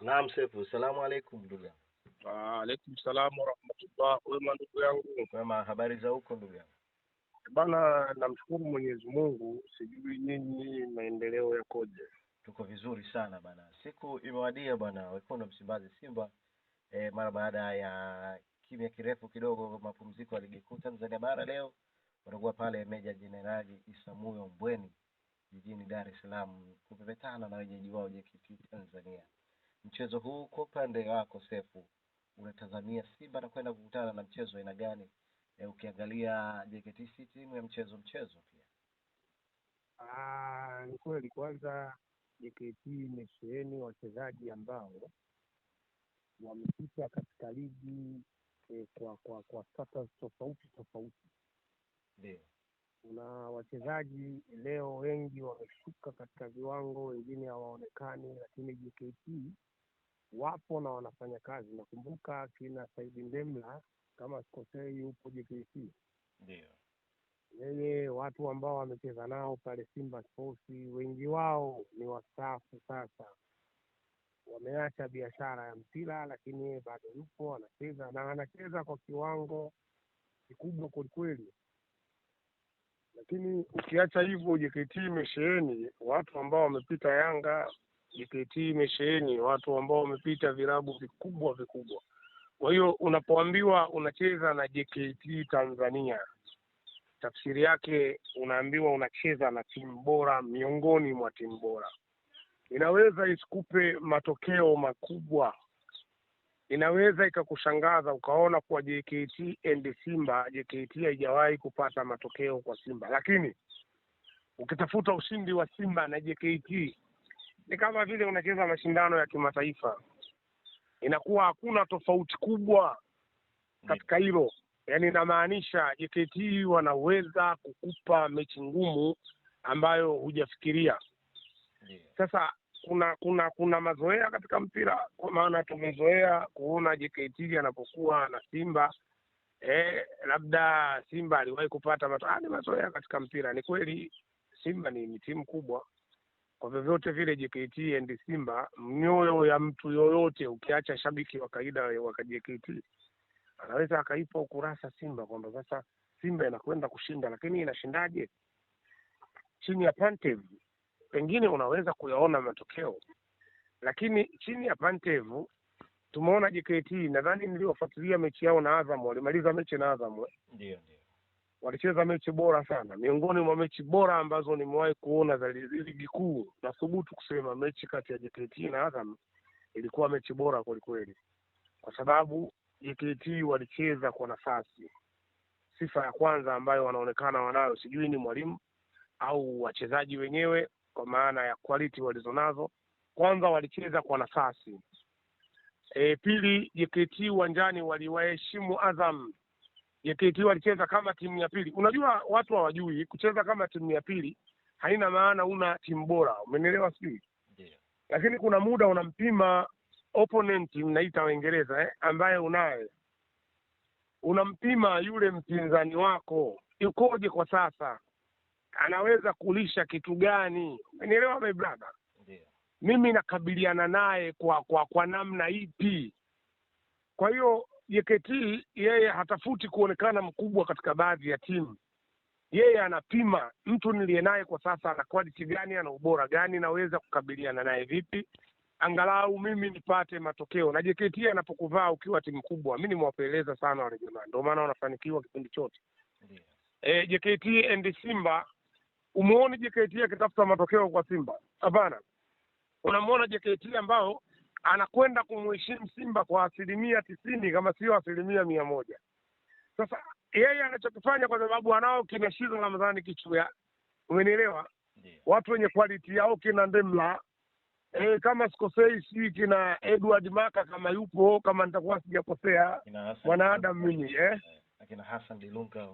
Naam Sefu, salamu alaikum ndugu yangu. Waalaikum salam warahmatullah. Wema ndugu yangu. Wema, habari za huko ndugu yangu? Bana, namshukuru Mwenyezi Mungu. Sijui nyinyi maendeleo yakoje? Tuko vizuri sana bana, siku imewadia bana, wekundu Msimbazi Simba e, mara baada ya kimya kirefu kidogo, mapumziko ya ligi kuu Tanzania bara, leo watakuwa pale Meja Jenerali Isamuyo Mbweni jijini Dar es Salaam kupepetana na wenyeji wao JKT Tanzania. Mchezo huu kwa upande wako Sefu, unatazamia Simba na kwenda kukutana na mchezo aina gani? E, ukiangalia JKT si timu ya mchezo mchezo pia. Ah, ni kweli. Kwanza JKT imesheheni wachezaji ambao wamepita katika ligi e, kwa kwa kwa status tofauti tofauti. Ndio kuna wachezaji leo wengi wameshuka katika viwango, wengine hawaonekani, lakini JKT wapo na wanafanya kazi. Nakumbuka kina Saidi Ndemla kama sikosei, yupo JKC, ndio yeye. Watu ambao wamecheza nao pale Simba Sports wengi wao ni wastaafu sasa, wameacha biashara ya mpira, lakini yeye bado yupo anacheza na anacheza kwa kiwango kikubwa kwelikweli. Lakini ukiacha hivyo, JKT imesheheni watu ambao wamepita Yanga JKT imesheheni watu ambao wamepita virabu vikubwa vikubwa. Kwa hiyo unapoambiwa unacheza na JKT Tanzania, tafsiri yake unaambiwa unacheza na timu bora miongoni mwa timu bora. Inaweza isikupe matokeo makubwa, inaweza ikakushangaza ukaona kuwa JKT and Simba, JKT haijawahi kupata matokeo kwa Simba, lakini ukitafuta ushindi wa Simba na JKT ni kama vile unacheza mashindano ya kimataifa, inakuwa hakuna tofauti kubwa katika hilo. Yani inamaanisha JKT wanaweza kukupa mechi ngumu ambayo hujafikiria. Sasa kuna kuna kuna mazoea katika mpira, kwa maana tumezoea kuona JKT anapokuwa na Simba eh, labda Simba aliwahi kupata ah, ni mazoea katika mpira. Ni kweli Simba ni, ni timu kubwa kwa vyovyote vile JKT and Simba, mioyo ya mtu yoyote ukiacha shabiki wa kawaida wa JKT anaweza akaipa ukurasa Simba kwamba sasa Simba inakwenda kushinda, lakini inashindaje chini ya Pantev? Pengine unaweza kuyaona matokeo, lakini chini ya Pantev tumeona JKT, nadhani niliofuatilia mechi yao na Azam, walimaliza mechi na Azam, eh? ndio ndio walicheza mechi bora sana, miongoni mwa mechi bora ambazo nimewahi kuona za ligi kuu. Nathubutu kusema mechi kati ya JKT na Azam ilikuwa mechi bora kwelikweli, kwa sababu JKT walicheza kwa nafasi. Sifa ya kwanza ambayo wanaonekana wanayo, sijui ni mwalimu au wachezaji wenyewe, kwa maana ya quality walizonazo. Kwanza walicheza kwa nafasi e, pili JKT uwanjani waliwaheshimu Azam ikiwa walicheza kama timu ya pili. Unajua watu hawajui kucheza kama timu ya pili haina maana una timu bora, umenielewa? Sijui yeah. Lakini kuna muda unampima opponent, mnaita Waingereza eh, ambaye unaye, unampima yule mpinzani wako yukoje kwa sasa, anaweza kulisha kitu gani? Umenielewa my brother? yeah. Mimi nakabiliana naye kwa, kwa kwa namna ipi? Kwa hiyo JKT yeye hatafuti kuonekana mkubwa katika baadhi ya timu. Yeye anapima mtu niliye naye kwa sasa ana quality gani, ana ubora gani, naweza kukabiliana naye vipi, angalau mimi nipate matokeo. Na JKT anapokuvaa ukiwa timu kubwa, mi nimewapeleza sana wale jamaa, ndio maana wanafanikiwa kipindi chote yeah. E, JKT and Simba, umuoni JKT akitafuta matokeo kwa Simba? Hapana, unamwona JKT ambao anakwenda kumheshimu Simba kwa asilimia tisini kama sio asilimia mia moja. Sasa yeye anachokifanya kwa sababu anao kina Shizo Ramadhani Kichuya, umenielewa? Yeah. Watu wenye quality yao kina Ndemla e, kama sikosei, si kina Edward Maka kama yupo, kama nitakuwa sijakosea, mwanaadam mimi eh, eh Hassan Dilunga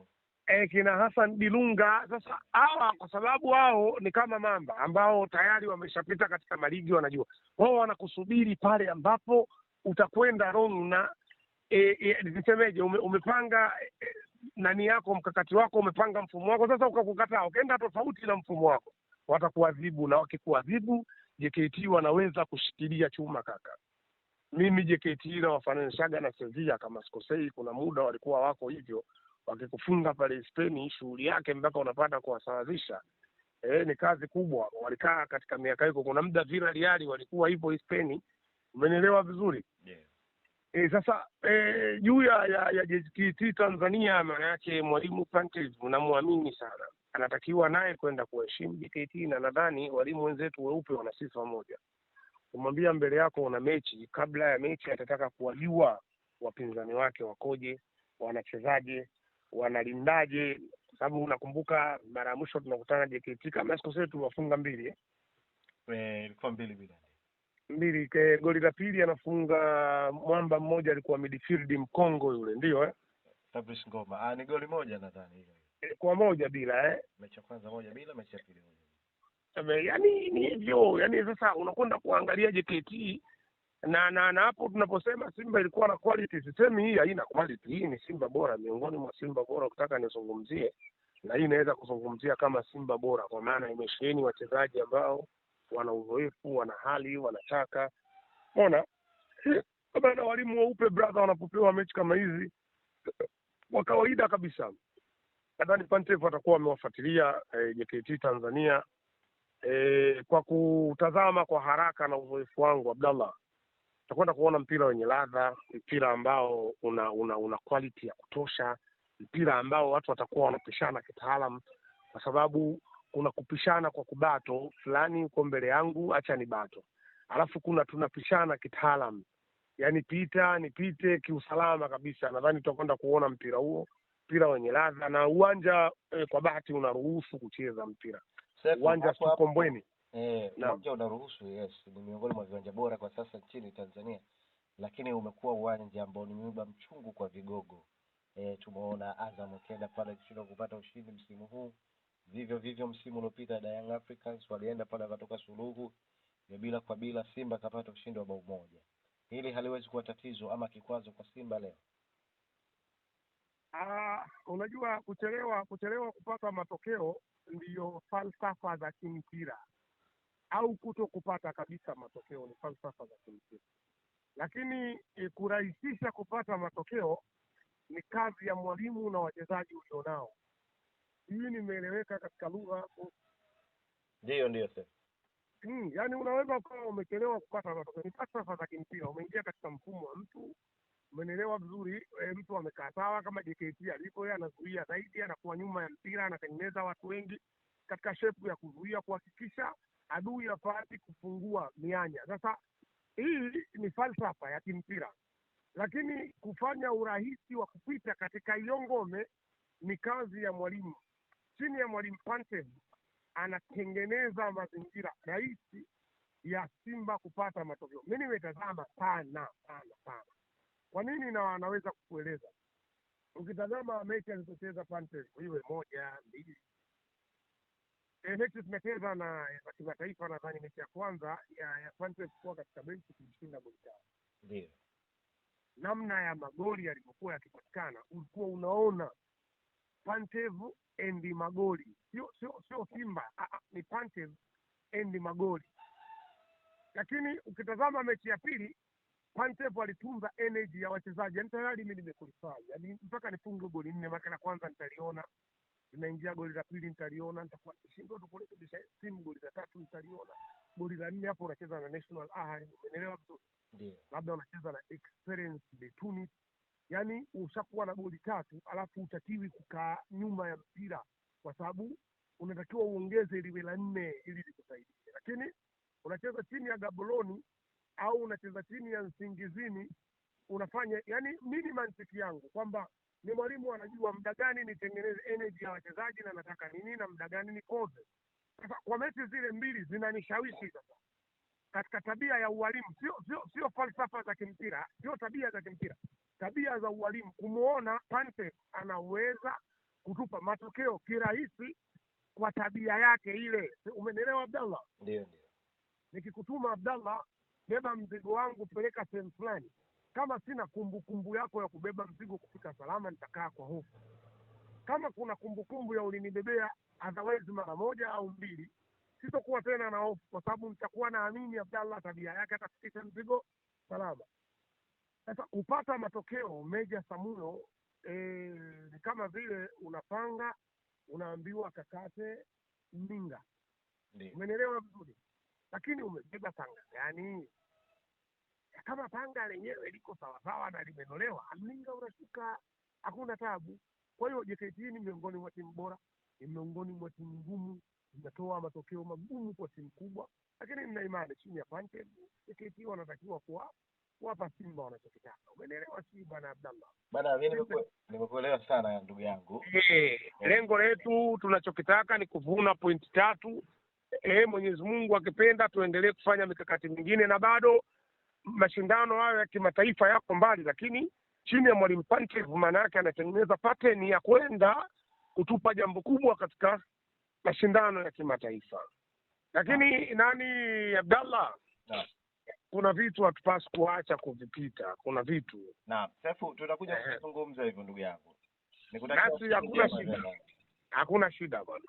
eh, kina Hassan Dilunga. Sasa hawa kwa sababu wao ni kama mamba ambao tayari wameshapita katika maligi, wanajua wao wanakusubiri pale ambapo utakwenda wrong na e, e, nisemeje, ume, umepanga e, nani yako mkakati wako umepanga mfumo wako, sasa ukakukataa ukaenda tofauti na mfumo wako, watakuadhibu na wakikuadhibu, JKT wanaweza kushikilia chuma kaka. Mimi JKT nawafananishaga na Sevilla kama sikosei, kuna muda walikuwa wako hivyo wakikufunga pale Spain, shughuli yake mpaka unapata kuwasawazisha. E, ni kazi kubwa walikaa katika miaka hiko. Kuna muda Villarreal walikuwa ipo Spain, umenielewa vizuri yeah. E, sasa e, juu ya ya, ya JKT Tanzania, maana yake mwalimu Pantev unamwamini sana, anatakiwa naye kwenda kuheshimu JKT, na nadhani walimu wenzetu weupe wana sifa moja, kumwambia mbele yako una mechi, kabla ya mechi atataka kuwajua wapinzani wake wakoje, wanachezaje wanalindaje? Kwa sababu unakumbuka mara ya mwisho tunakutana JKT kama sikosei, tuliwafunga mbili eh? eh, ilikuwa mbili bila mbili. ke Goli la pili anafunga mwamba mmoja, alikuwa midfield mkongo yule, ndio eh? Fabrice Ngoma. Ah, ni goli moja nadhani hilo kwa moja bila eh, mechi kwanza moja bila, mechi ya pili moja. Yaani ni hivyo, yani sasa unakwenda kuangalia JKT na na na hapo tunaposema Simba ilikuwa na quality, sisemi hii haina quality. Hii ni Simba bora, miongoni mwa Simba bora ukitaka nizungumzie, na hii inaweza kuzungumzia kama Simba bora, kwa maana imesheheni wachezaji ambao wana uzoefu, wana hali, wanataka ona kwa maana walimu weupe brother, wanapopewa mechi kama hizi, kwa kawaida kabisa, nadhani Pantev atakuwa amewafuatilia eh, JKT Tanzania eh, kwa kutazama kwa haraka na uzoefu wangu Abdallah tutakwenda kuona mpira wenye ladha, mpira ambao una una una quality ya kutosha, mpira ambao watu watakuwa wanapishana kitaalam kwa sababu kuna kupishana kwa kubato fulani, uko mbele yangu, acha ni bato, alafu kuna tunapishana kitaalam yani pita nipite kiusalama kabisa. Nadhani tutakwenda kuona mpira huo, mpira wenye ladha na uwanja eh, kwa bahati unaruhusu kucheza mpira uwanja Kombweni eh, uwanja unaruhusu yes, ni miongoni mwa viwanja bora kwa sasa nchini Tanzania, lakini umekuwa uwanja ambao ni mwiba mchungu kwa vigogo eh, tumeona Azam akienda pale akishindwa kupata ushindi msimu huu, vivyo vivyo msimu uliopita da Young Africans walienda pale wakatoka suluhu ya bila kwa bila, Simba akapata ushindi wa bao moja. Hili haliwezi kuwa tatizo ama kikwazo kwa Simba leo. Ah, unajua kuchelewa kuchelewa kupata matokeo ndiyo falsafa za kimpira au kuto kupata kabisa matokeo ni falsafa za kimsingi, lakini e, kurahisisha kupata matokeo ni kazi ya mwalimu na wachezaji ulionao. Hii nimeeleweka katika lugha? Ndiyo, ndiyo sasa. Hmm, yani unaweza ukawa umechelewa kupata matokeo, ni falsafa za kimpira. Umeingia katika mfumo wa mtu, umenelewa vizuri e, mtu amekaa sawa kama JKT alipo, ye anazuia zaidi, anakuwa nyuma ya mpira, anatengeneza watu wengi katika shepu ya kuzuia, kuhakikisha adui hapati kufungua mianya. Sasa hii ni falsafa ya kimpira, lakini kufanya urahisi wa kupita katika hiyo ngome ni kazi ya mwalimu. Chini ya mwalimu Pantev anatengeneza mazingira rahisi ya Simba kupata matokeo. Mi nimetazama sana sana sana. Kwa nini? Na anaweza kukueleza ukitazama mechi alizocheza Pantev, iwe moja mbili Eh, mechi zimecheza na ya kimataifa, nadhani mechi ya kwanza ya Santos kuwa katika benchi kumshinda goli tano. namna ya magoli yalivyokuwa yakipatikana, ulikuwa unaona Pantev endi magoli, sio sio sio Simba a, ah, a, ah, ni Pantev endi magoli. Lakini ukitazama mechi ya pili Pantev alitunza energy ya wachezaji, yani tayari mimi nimekulifai, yani mpaka nifunge goli nne, maka la kwanza nitaliona inaingia goli la pili nitaliona, nitakuwa shindwa tupoleke bisha simu, goli la tatu nitaliona, goli la nne hapo unacheza na National Ahly, umeelewa vizuri? Ndio, labda unacheza na Experience de Tunis. Yani ushakuwa na goli tatu, alafu utakiwi kukaa nyuma ya mpira, kwa sababu unatakiwa uongeze liwe la nne ili likusaidie, lakini unacheza chini ya Gaboloni au unacheza chini ya Nsingizini, unafanya yani, mimi mantiki yangu kwamba ni mwalimu anajua muda gani nitengeneze energy ya wachezaji na nataka nini na muda gani nikoze. Sasa kwa mechi zile mbili zinanishawishi sasa katika tabia ya ualimu, sio sio sio falsafa za kimpira, sio tabia za kimpira, tabia za ualimu, kumuona Pante anaweza kutupa matokeo kirahisi kwa tabia yake ile. Umenielewa Abdallah? Ndio, ndio. Nikikutuma Abdallah, beba mzigo wangu, peleka sehemu fulani kama sina kumbukumbu kumbu yako ya kubeba mzigo kufika salama, nitakaa kwa hofu. Kama kuna kumbukumbu kumbu ya ulinibebea otherwise mara moja au mbili, sitokuwa tena na hofu, kwa sababu nitakuwa naamini Abdallah tabia yake atafikisha mzigo salama. Sasa kupata matokeo Meja Samulo eh, ni kama vile unapanga unaambiwa kakate mninga, umenielewa vizuri, lakini umebeba tanga gani? kama panga lenyewe liko sawasawa na limenolewa, mlinga unashuka, hakuna tabu. Kwa hiyo JKT ni miongoni mwa timu bora, ni miongoni mwa timu ngumu, inatoa matokeo magumu kwa timu kubwa, lakini nina imani chini ya Pantev JKT wanatakiwa kuwa wapa Simba wanachokitaka. Umeelewa si bwana Abdallah? Bwana mimi nimekuelewa sana ndugu yangu. Hey, eh, lengo letu tunachokitaka ni kuvuna pointi tatu. Eh, Mwenyezi Mungu akipenda tuendelee kufanya mikakati mingine na bado mashindano hayo ya kimataifa yako mbali, lakini chini ya mwalimu Pantev, maana yake anatengeneza pattern ya kwenda kutupa jambo kubwa katika mashindano ya kimataifa. Lakini nani, Abdallah, kuna vitu hatupasi kuacha kuvipita. Kuna vitu naam, Sefu, tutakuja eh. kuzungumza hivyo, ndugu yangu, hakuna shida, hakuna shida bwana.